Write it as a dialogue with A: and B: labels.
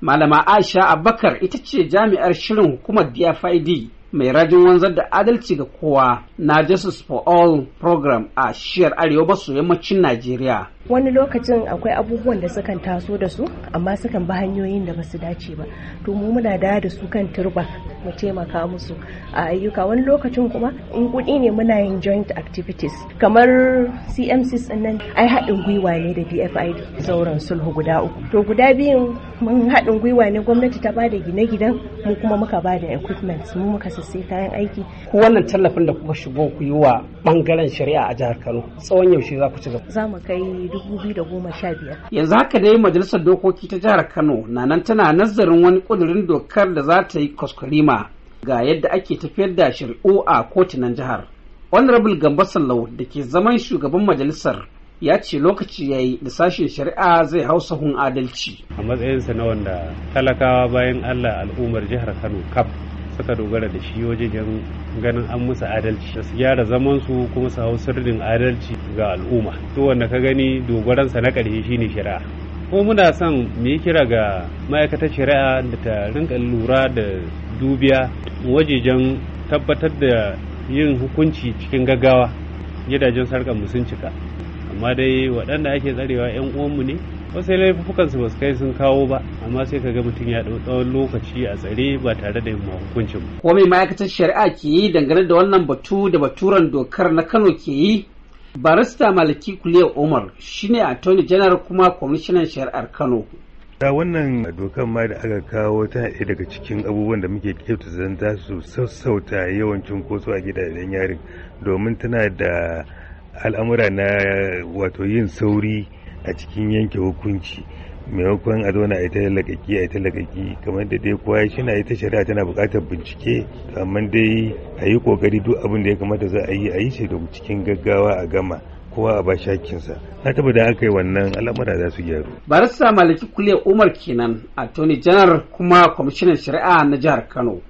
A: malama aisha abakar ita ce jami'ar shirin hukumar dfid mai rajin wanzar da adalci ga kowa na justice for all program a shiyar arewa maso yammacin najeriya
B: wani lokacin akwai abubuwan da sukan taso da su amma sukan bi hanyoyin da ba su dace ba to mu muna da su kan turba mu taimaka musu a ayyuka wani lokacin kuma in kuɗi ne muna yin joint activities kamar cmcs nan ai haɗin gwiwa ne da dfid sauran sulhu guda uku to guda biyun mun haɗin gwiwa ne gwamnati ta bada gine-ginen mu kuma muka bada equipment mu muka sassai kayan aiki
A: ku wannan tallafin da kuka shigo ku yi wa bangaren shari'a a jihar kano tsawon yaushe za ku ci gaba
B: za mu kai dubu biyu da goma sha biyar
A: yanzu haka dai majalisar dokoki ta jihar kano na nan tana nazarin wani ƙudurin dokar da za ta yi kwaskwarima ga yadda ake tafiyar da shari'u a kotunan jihar honorable gambo sallau da ke zaman shugaban majalisar
C: ya ce lokaci ya yi da sashen shari'a zai hau sahun adalci a matsayinsa na wanda talakawa bayan allah al'ummar jihar kano kaf suka dogara da shi wajen ganin an musu adalci da su gyara zaman su kuma su hau sirrin adalci ga al'umma to wanda ka gani dogaransa na ƙarshe shine shari'a ko muna son mu yi kira ga ma'aikatar shari'a da ta rinka lura da dubiya wajejen tabbatar da yin hukunci cikin gaggawa gidajen sarkar mu sun cika amma dai waɗanda ake tsarewa 'yan uwanmu ne wasu laifukansu ba su kai sun kawo ba amma sai ka ga mutum ya ɗau tsawon lokaci a tsare ba tare da yin hukuncin ba. mai ma'aikatar shari'a ke
A: yi dangane da wannan batu da baturan dokar na Kano ke yi barista maliki kuliyar
D: umar shine attorney janar kuma kwamishinan shari'ar kano da wannan dokar ma da aka kawo ta ɗaya daga cikin abubuwan da muke kyauta zan za su sassauta yawan cunkoso a gidajen yarin domin tana da al'amura na wato yin sauri a cikin yanke hukunci maimakon a zauna a ita lakaki a ta lakaki kamar da dai kowa shi na ita shari'a tana buƙatar bincike amma dai a yi ƙoƙari duk abin da ya kamata za a yi a yi shi da cikin gaggawa a gama kowa a bashi na taba da aka yi wannan al'amura za su gyaru
A: barista malaki kulle umar kenan a attorney janar kuma kwamishinan shari'a na jihar kano